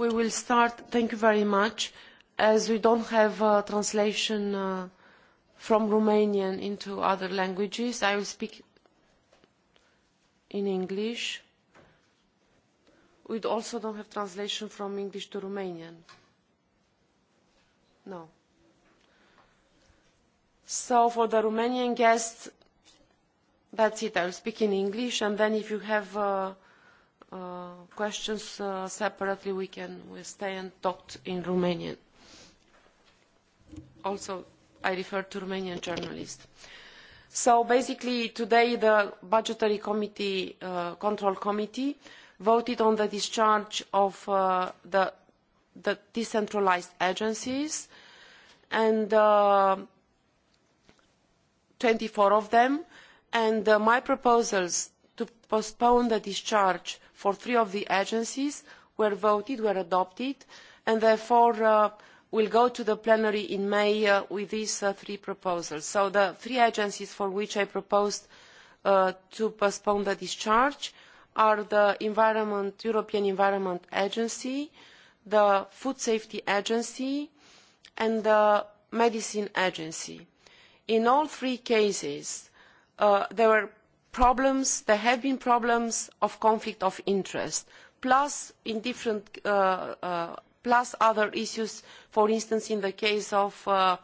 We will start. Thank you very much. As we don't have uh, translation uh, from Romanian into other languages, I will speak in English. We also don't have translation from English to Romanian. No. So for the Romanian guests, that's it. I will speak in English, and then if you have... Uh, questions separately, we can we stay and talk in Romanian. Also, I refer to Romanian journalists. So basically, today the Budgetary Committee, uh, Control Committee, voted on the discharge of uh, the, the decentralized agencies, and uh, 24 of them, and uh, my proposals postpone the discharge for three of the agencies were voted, were adopted, and therefore will go to the plenary in May with these three proposals. So the three agencies for which I proposed to postpone the discharge are the European Environment Agency, the Food Safety Agency, and the Medicine Agency. In all three cases, there were problems there have been problems of conflict of interest plus in different plus other issues for instance in the case of the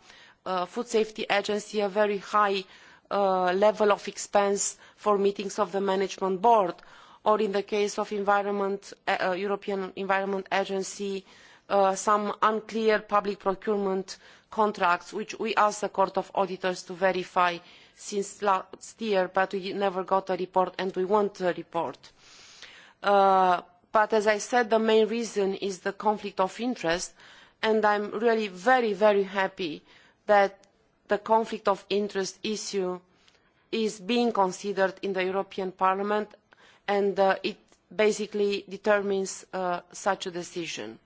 food safety agency a very high level of expense for meetings of the management board or in the case of the european environment agency some unclear public procurement contracts which we asked the court of auditors to verify since last year, but we never got a report, and we want a report. But as I said, the main reason is the conflict of interest, and I am really very, very happy that the conflict of interest issue is being considered in the European Parliament, and it basically determines such a decision.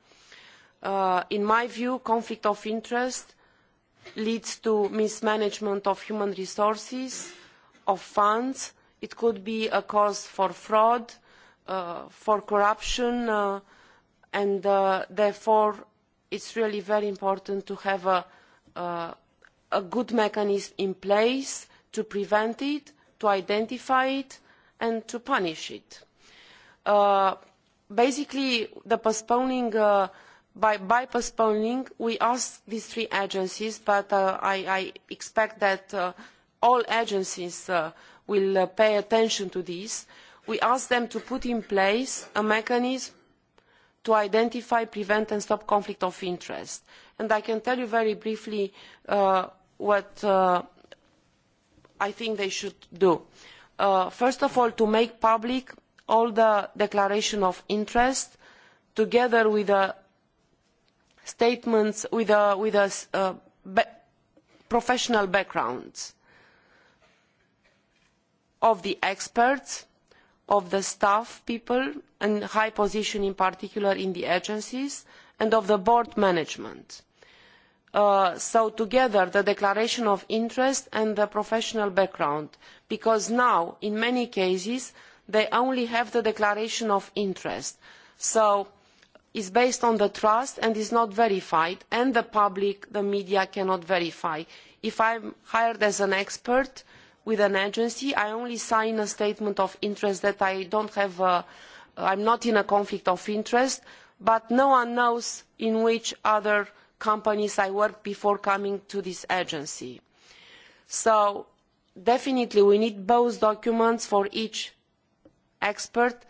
in my view, conflict of interest leads to mismanagement of human resources, of funds. It could be a cause for fraud, for corruption, and therefore it's really very important to have a, good mechanism in place to prevent it, to identify it, and to punish it. basically, the postponing by postponing, we ask these three agencies, but I expect that all agencies will pay attention to this. We ask them to put in place a mechanism to identify, prevent, and stop conflict of interest. And I can tell you very briefly what I think they should do. First of all, to make public all the declarations of interest together with the statements with a, with a uh, be professional background of the experts, of the staff people, and high position in particular in the agencies, and of the board management. so together the declaration of interest and the professional background, because now in many cases they only have the declaration of interest. So is based on the trust and is not verified and the public the media cannot verify if i am hired as an expert with an agency i only sign a statement of interest that i am not in a conflict of interest but no one knows in which other companies i worked before coming to this agency so definitely we need both documents for each expert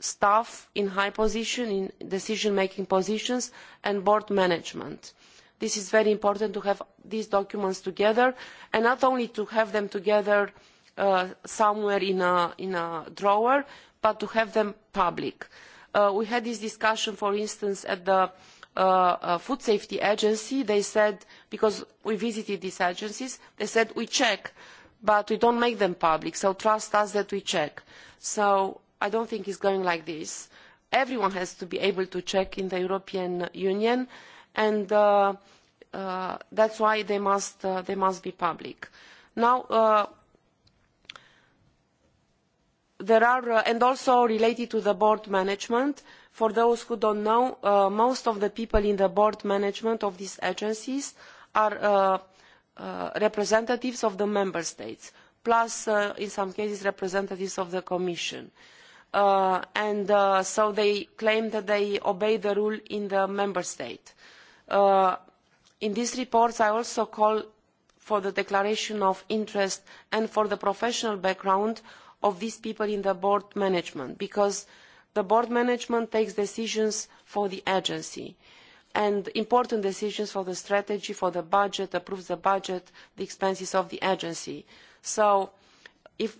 staff in high positions, in decision-making positions, and board management. This is very important to have these documents together, and not only to have them together somewhere in a, drawer, but to have them public. we had this discussion, for instance, at the Food Safety Agency. They said, because we visited these agencies, they said, we check, but we don't make them public, so trust us that we check. So I do not think it is going like this. Everyone has to be able to check in the European Union, and uh, uh, why they must uh, they must be public. Now. Uh, there are, uh, and also related to the board management, for those who don't know, uh, most of the people in the board management of these agencies are uh, uh, representatives of the member states, plus uh, in some cases representatives of the commission. Uh, and so they claim that they obey the rule in the member state. in these reports, I also call for the declaration of interest and for the professional background of these people in the board management, because the board management takes decisions for the agency and important decisions for the strategy, for the budget, approves the budget, the expenses of the agency. So if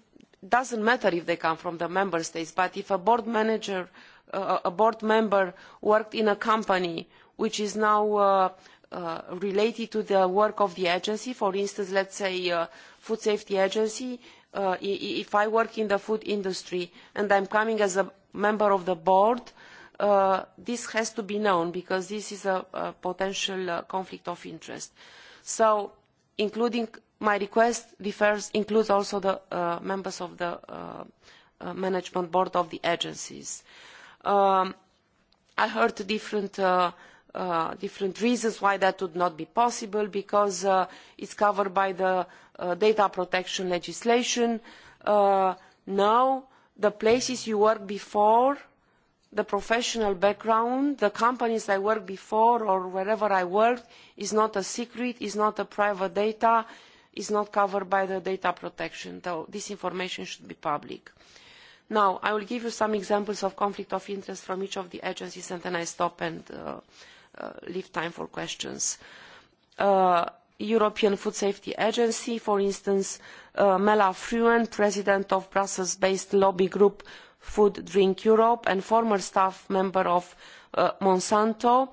does not matter if they come from the member states but if a board manager a board member worked in a company which is now related to the work of the agency for instance let us say uh, food safety agency if i work in the food industry and i am coming as a member of the board this has to be known because this is a, potential conflict of interest so including my request refers includes also the members of the management board of the agencies. I heard different different reasons why that would not be possible because it is covered by the data protection legislation. now, the places you worked before, the professional background, the companies I worked before or wherever I worked is not a secret, is not a private data, is not covered by the data protection, though this information should be public. Now, I will give you some examples of conflict of interest from each of the agencies, and then I stop and leave time for questions. European Food Safety Agency, for instance, Mela Fruin, president of Brussels-based lobby group Food Drink Europe and former staff member of Monsanto,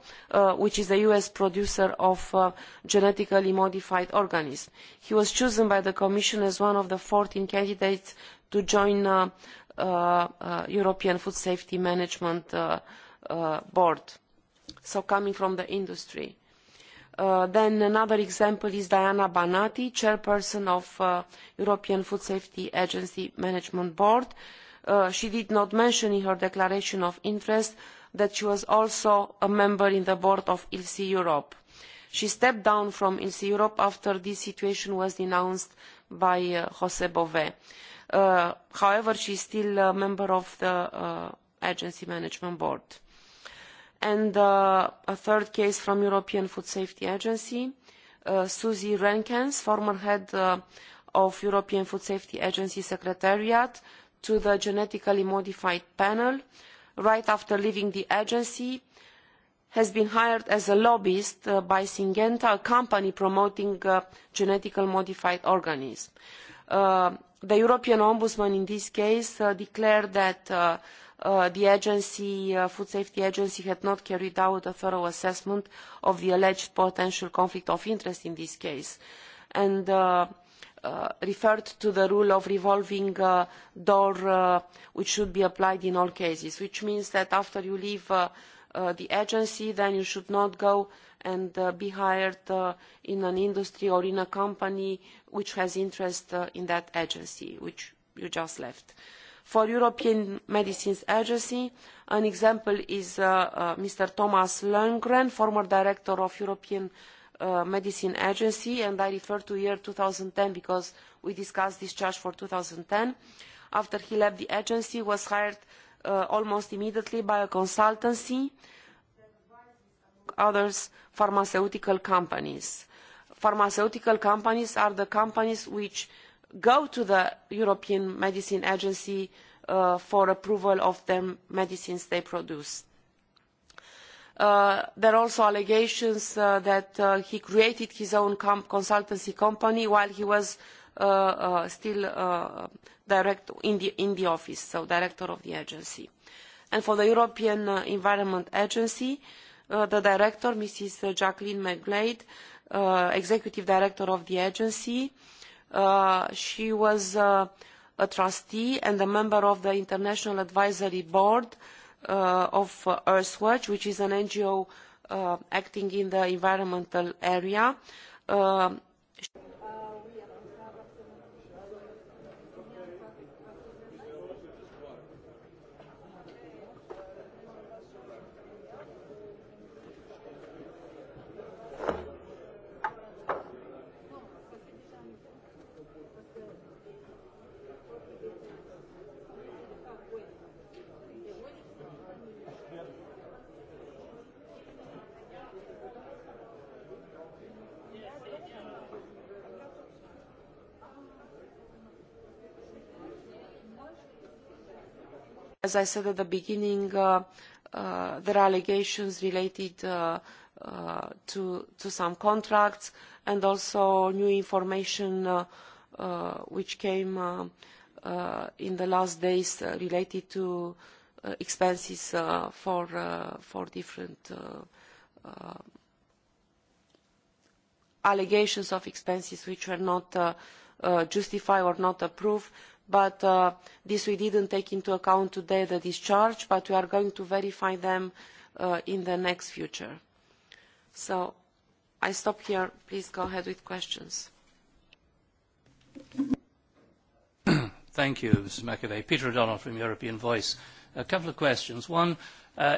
which is a US producer of genetically modified organisms. He was chosen by the Commission as one of the fourteen candidates to join the European Food Safety Management Board, so coming from the industry. then another example is Diana Banati, chairperson of the European Food Safety Agency Management Board. Uh, she did not mention in her declaration of interest that she was also a member in the board of ilse Europe. She stepped down from ilse Europe after this situation was denounced by José Bové. however, she is still a member of the Agency Management Board. And a third case from European Food Safety Agency, Susie rankens, former head of European Food Safety Agency Secretariat, to the genetically modified panel right after leaving the agency, has been hired as a lobbyist by Syngenta, a company promoting genetically modified organisms. the European Ombudsman in this case declared that the agency, uh, Food Safety Agency had not carried out a thorough assessment of the alleged potential conflict of interest in this case. And referred to the rule of revolving door which should be applied in all cases, which means that after you leave the agency, then you should not go and be hired in an industry or in a company which has interest in that agency, which you just left. For the European Medicines Agency, an example is Mr. Thomas Lundgren, former director of European Medicine Agency, and I refer to year 2010 because we discussed discharge for 2010. After he left the agency, was hired almost immediately by a consultancy others pharmaceutical companies. Pharmaceutical companies are the companies which go to the European Medicine Agency for approval of the medicines they produce there are also allegations that he created his own consultancy company while he was still in the, in the office, so director of the agency. And for the European Environment Agency, the director, Mrs. Jacqueline McGlade, executive director of the agency, she was a trustee and a member of the International Advisory Board uh, of Earthwatch, which is an NGO acting in the environmental area. I said at the beginning, there are allegations related to some contracts and also new information which came in the last days related to expenses for different allegations of expenses which were not justified or not approved but this we didn't take into account today, the discharge, but we are going to verify them in the next future. So I stop here. Please go ahead with questions. Thank you, Ms McAvey. Peter O'Donnell from European Voice. A couple of questions. One,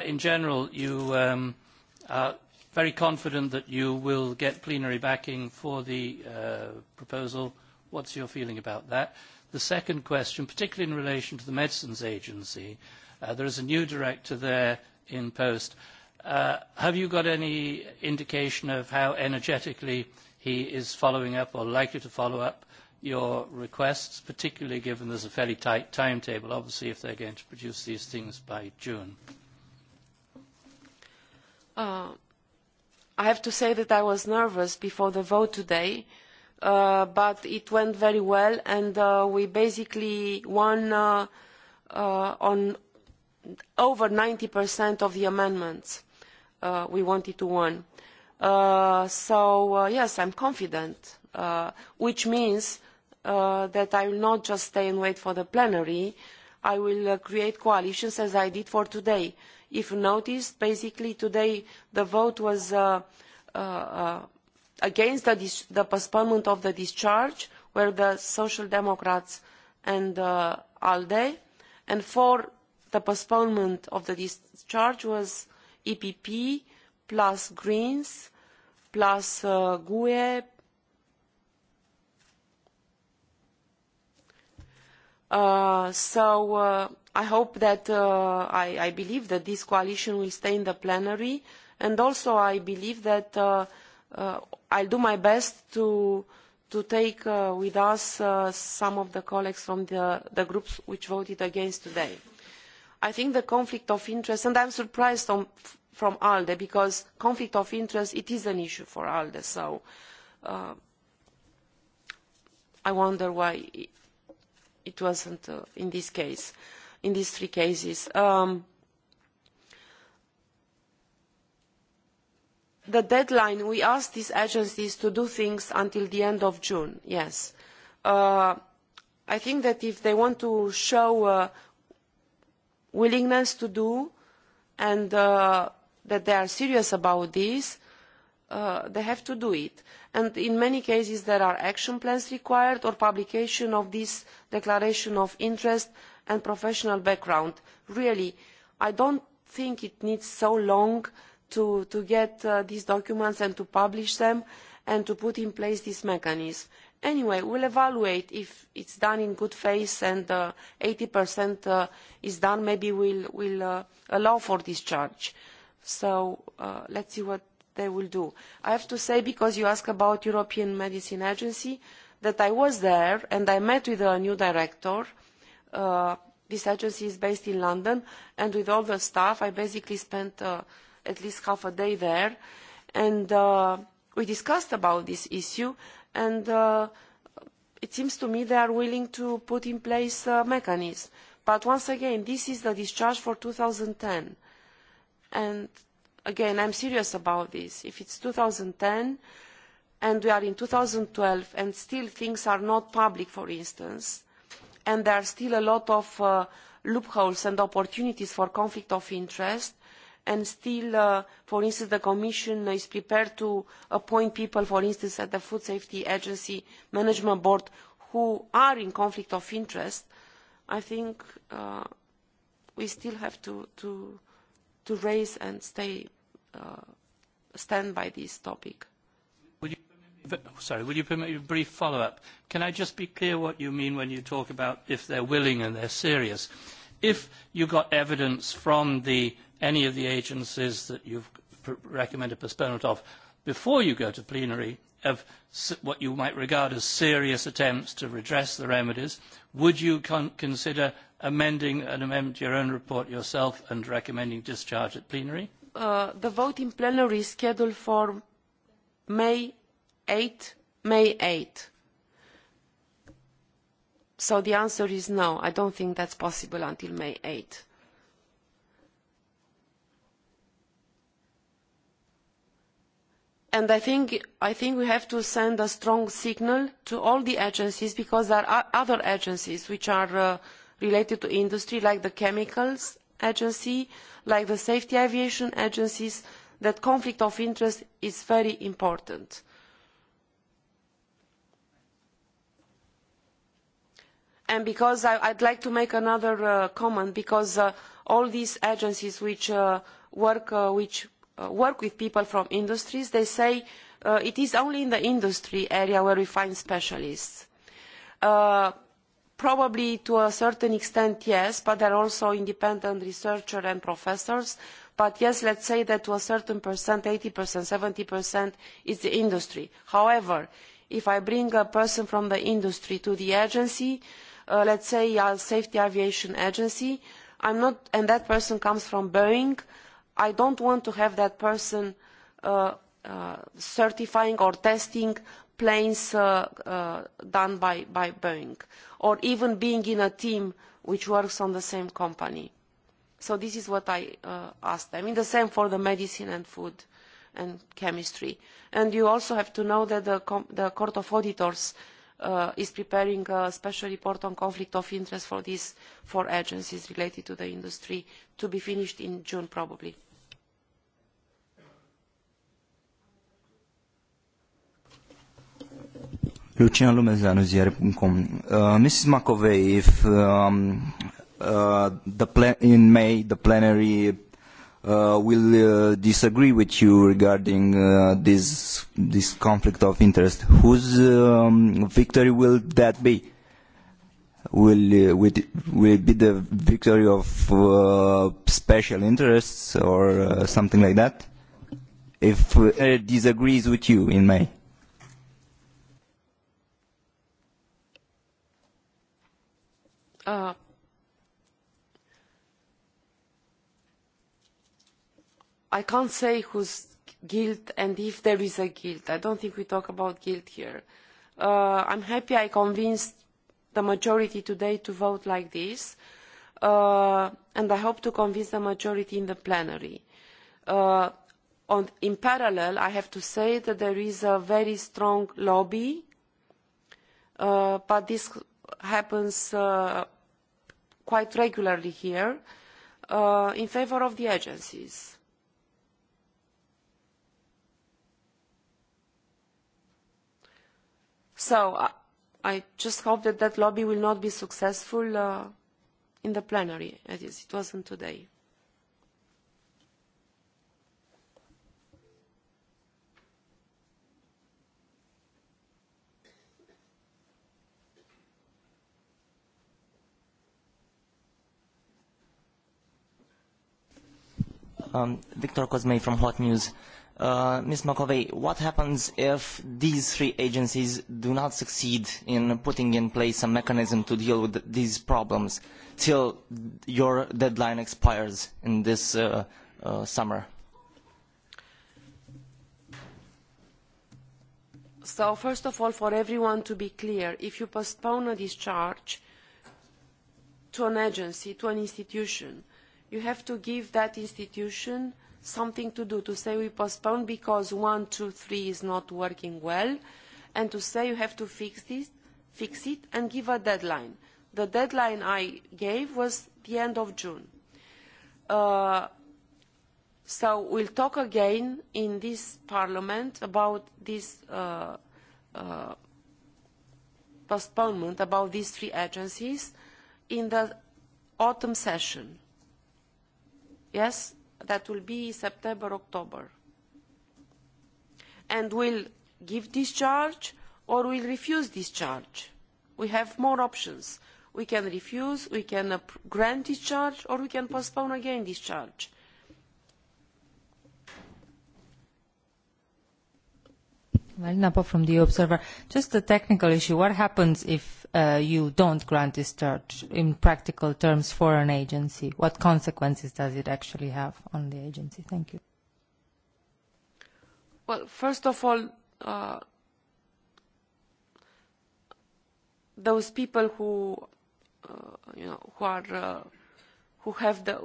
in general, you are very confident that you will get plenary backing for the proposal. What's your feeling about that? The second question, particularly in relation to the Medicines Agency, there is a new director there in post. have you got any indication of how energetically he is following up or likely to follow up your requests, particularly given there's a fairly tight timetable, obviously, if they're going to produce these things by June? I have to say that I was nervous before the vote today but it went very well, and we basically won on over 90% of the amendments we wanted to win. So yes, I'm confident, which means that I will not just stay and wait for the plenary. I will create coalitions as I did for today. If you noticed, basically today the vote was against the, the postponement of the discharge were the Social Democrats and ALDE, and for the postponement of the discharge was EPP plus Greens plus uh, GUE so I hope that I, I believe that this coalition will stay in the plenary, and also I believe that uh, I'll do my best to to take uh, with us uh, some of the colleagues from the, the groups which voted against today. I think the conflict of interest, and I'm surprised on, from ALDE because conflict of interest, it is an issue for ALDE. So uh, I wonder why it wasn't uh, in this case, in these three cases. Um, the deadline, we asked these agencies to do things until the end of June, yes. I think that if they want to show willingness to do and that they are serious about this, they have to do it. And in many cases, there are action plans required or publication of this declaration of interest and professional background. Really, I don't think it needs so long uh, to, to get uh, these documents and to publish them and to put in place this mechanism. Anyway, we'll evaluate if it's done in good faith and uh, 80% uh, is done, maybe we'll, we'll uh, allow for discharge. So uh, let's see what they will do. I have to say, because you asked about European Medicine Agency, that I was there and I met with a new director. Uh, this agency is based in London, and with all the staff, I basically spent uh, at least half a day there. And uh, we discussed about this issue, and uh, it seems to me they are willing to put in place a mechanism. But once again, this is the discharge for 2010. And again, I'm serious about this. If it's 2010 and we are in 2012 and still things are not public, for instance, and there are still a lot of uh, loopholes and opportunities for conflict of interest, and still, for instance, the Commission is prepared to appoint people, for instance, at the Food Safety Agency Management Board who are in conflict of interest, I think we still have to, to, to raise and stay, stand by this topic. Would you, sorry, me you permit a brief follow-up? Can I just be clear what you mean when you talk about if they're willing and they're serious? If you got evidence from the any of the agencies that you have recommended postponement of before you go to plenary of what you might regard as serious attempts to redress the remedies, would you consider amending an amendment to your own report yourself and recommending discharge at plenary? the vote in plenary is scheduled for May 8, May 8. So the answer is no. I don't think that's possible until May 8 and I think, we have to send a strong signal to all the agencies because there are other agencies which are related to industry like the chemicals agency, like the safety aviation agencies, that conflict of interest is very important. And because I, I'd like to make another comment because all these agencies which work, which work with people from industries, they say it is only in the industry area where we find specialists. probably to a certain extent, yes, but there are also independent researchers and professors. But yes, let's say that to a certain percent, 80%, 70% is the industry. However, if I bring a person from the industry to the agency, uh, let's say a safety aviation agency, I'm not, and that person comes from Boeing, I don't want to have that person certifying or testing planes done by, by Boeing, or even being in a team which works on the same company. So this is what I asked them. the same for the medicine and food and chemistry. And you also have to know that the, the Court of Auditors uh, is preparing a special report on conflict of interest for these four agencies related to the industry to be finished in June probably. Lucian Lumezanu, ziare.com. Uh, Mrs. McAvey, if um, uh, the in May the plenary uh, will uh, disagree with you regarding uh, this this conflict of interest. Whose um, victory will that be? Will uh, will it be the victory of uh, special interests or uh, something like that? If uh, it disagrees with you in May. Uh, I can't say who's guilt and if there is a guilt. I don't think we talk about guilt here. Uh, I'm happy I convinced the majority today to vote like this, uh, and I hope to convince the majority in the plenary. Uh, on, in parallel, I have to say that there is a very strong lobby, uh, but this happens uh, quite regularly here, uh, in favor of the agencies So I, I just hope that that lobby will not be successful uh, in the plenary, as it wasn't today. Um, Victor Cosme from Hot News. Ms. McAvey, what happens if these three agencies do not succeed in putting in place a mechanism to deal with these problems till your deadline expires in this summer? So first of all, for everyone to be clear, if you postpone a discharge to an agency, to an institution, you have to give that institution – something to do, to say we postpone because one, two, three is not working well, and to say you have to fix this, fix it, and give a deadline. The deadline I gave was the end of June. Uh, so we'll talk again in this parliament about this uh, uh, postponement, about these three agencies in the autumn session. Yes? That will be September, October. And will give discharge or will refuse discharge. We have more options. We can refuse, we can grant discharge, or we can postpone again discharge Marina Pop from the Observer. Just a technical issue. What happens if uh, you don't grant this search in practical terms for an agency? What consequences does it actually have on the agency? Thank you. Well, first of all, uh, those people who, uh, you know, who are, uh, who have the,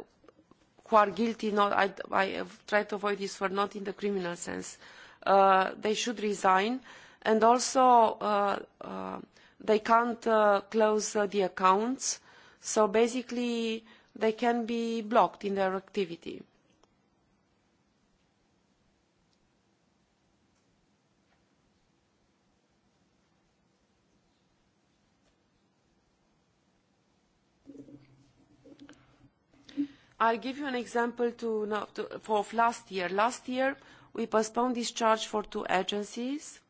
who are guilty, not, I, I have tried to avoid this for not in the criminal sense, uh, they should resign, and also they can't close the accounts. So basically, they can be blocked in their activity. I'll give you an example to, to, for last year. Last year, We postponed discharge for two agencies,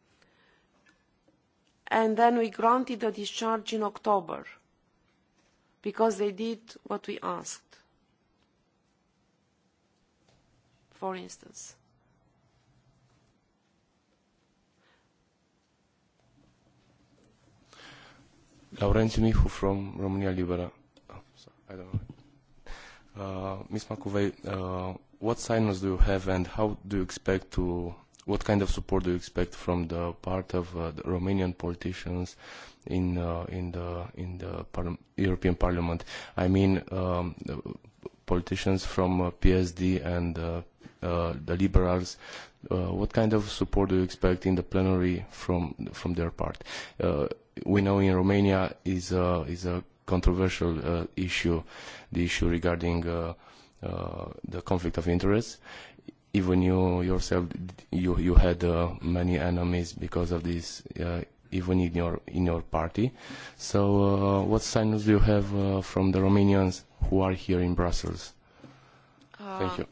and then we granted the discharge in October because they did what we asked, for instance. Laurențiu Mihu from România Liberă. Oh, sorry, I don't know. Uh, Ms. Macovei, uh, what signals do you have and how do you expect to what kind of support do you expect from the part of uh, the Romanian politicians in uh, in the in the par- European Parliament? I mean, um, the politicians from uh, PSD and uh, uh, the Liberals. Uh, what kind of support do you expect in the plenary from from their part? Uh, we know in Romania is a, is a controversial uh, issue, the issue regarding. Uh, uh, the conflict of interest. Even you yourself, you you had uh, many enemies because of this, uh, even in your in your party. So, uh, what signals do you have uh, from the Romanians who are here in Brussels? Uh, Thank you.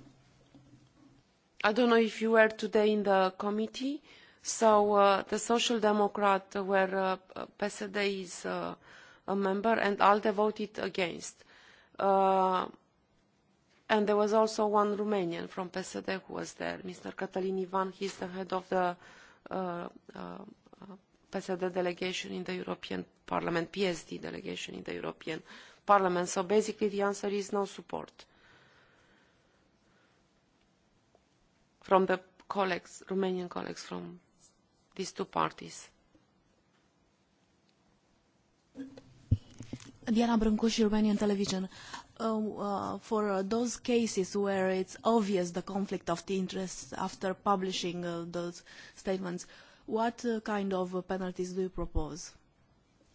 I don't know if you were today in the committee. So uh, the Social Democrat, where uh, PSD is uh, a member, and ALDE voted against. Uh, And there was also one Romanian from PSD who was there, Mr. Catalin Ivan. He's the head of the uh, uh, PSD delegation in the European Parliament, PSD delegation in the European Parliament. So basically the answer is no support from the colleagues, Romanian colleagues from these two parties. Diana Brâncuș, Romanian Television. for those cases where it's obvious the conflict of the interests after publishing those statements, what kind of penalties do you propose?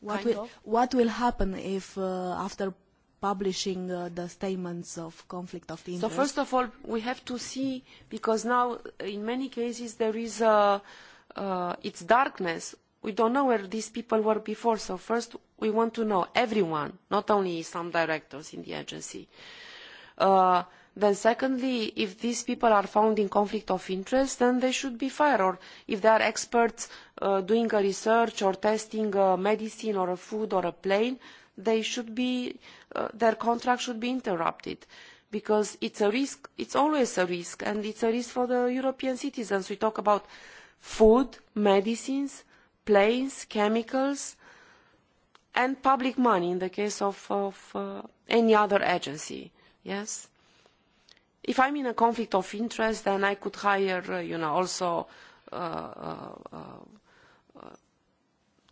What will, what will happen if after publishing the statements of conflict of interest? So first of all, we have to see, because now in many cases there is a, it's darkness we don't know where these people were before, so first we want to know everyone, not only some directors in the agency. Uh, then secondly, if these people are found in conflict of interest, then they should be fired. Or if they are experts uh, doing a research or testing a medicine or a food or a plane, they should be, uh, their contract should be interrupted because it's a risk, it's always a risk, and it's a risk for the European citizens. We talk about food, medicines, planes, chemicals, and public money in the case of, of uh, any other agency. Yes? If I'm in a conflict of interest, then I could hire, uh, you know, also uh, uh, uh,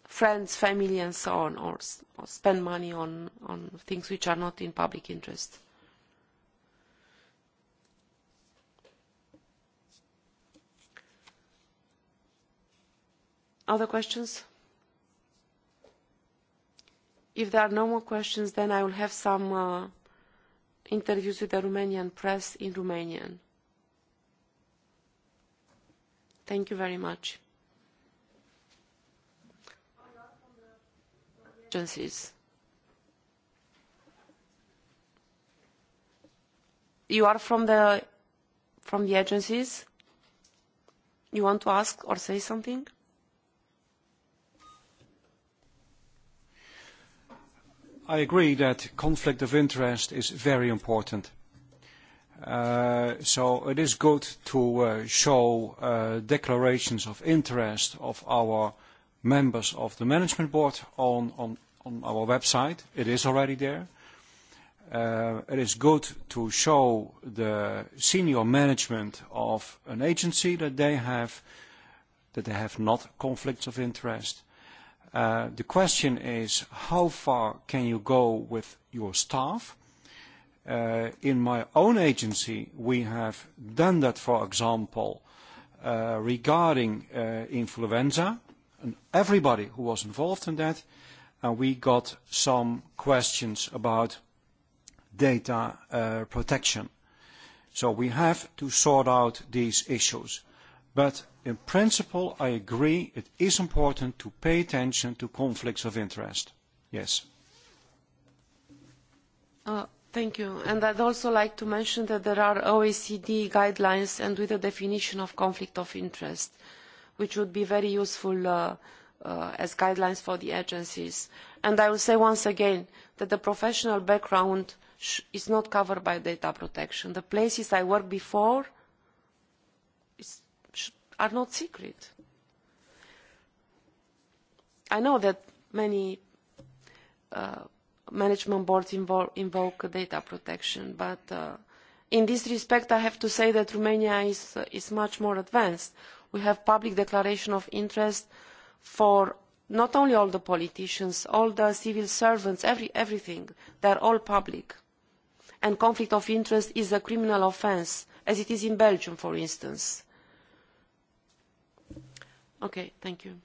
friends, family, and so on, or, or spend money on, on things which are not in public interest. Other questions? If there are no more questions, then I will have some uh, interviews with the Romanian press in Romanian. Thank you very much. Agencies. You are from the from the agencies? You want to ask or say something? I agree that conflict of interest is very important. So it is good to show declarations of interest of our members of the management board on our website. It is already there. It is good to show the senior management of an agency that they have not conflicts of interest the question is how far can you go with your staff? in my own agency, we have done that, for example, regarding influenza, and everybody who was involved in that, and we got some questions about data protection. So we have to sort out these issues. But In principle, I agree it is important to pay attention to conflicts of interest. Yes. thank you. And I'd also like to mention that there are OECD guidelines and with a definition of conflict of interest, which would be very useful as guidelines for the agencies. And I will say once again that the professional background is not covered by data protection. The places I worked before are not secret. I know that many uh, management boards invo invoke data protection, but uh, in this respect, I have to say that Romania is, uh, is much more advanced. We have public declaration of interest for not only all the politicians, all the civil servants, every, everything. They are all public. And conflict of interest is a criminal offence, as it is in Belgium, for instance Okay, thank you.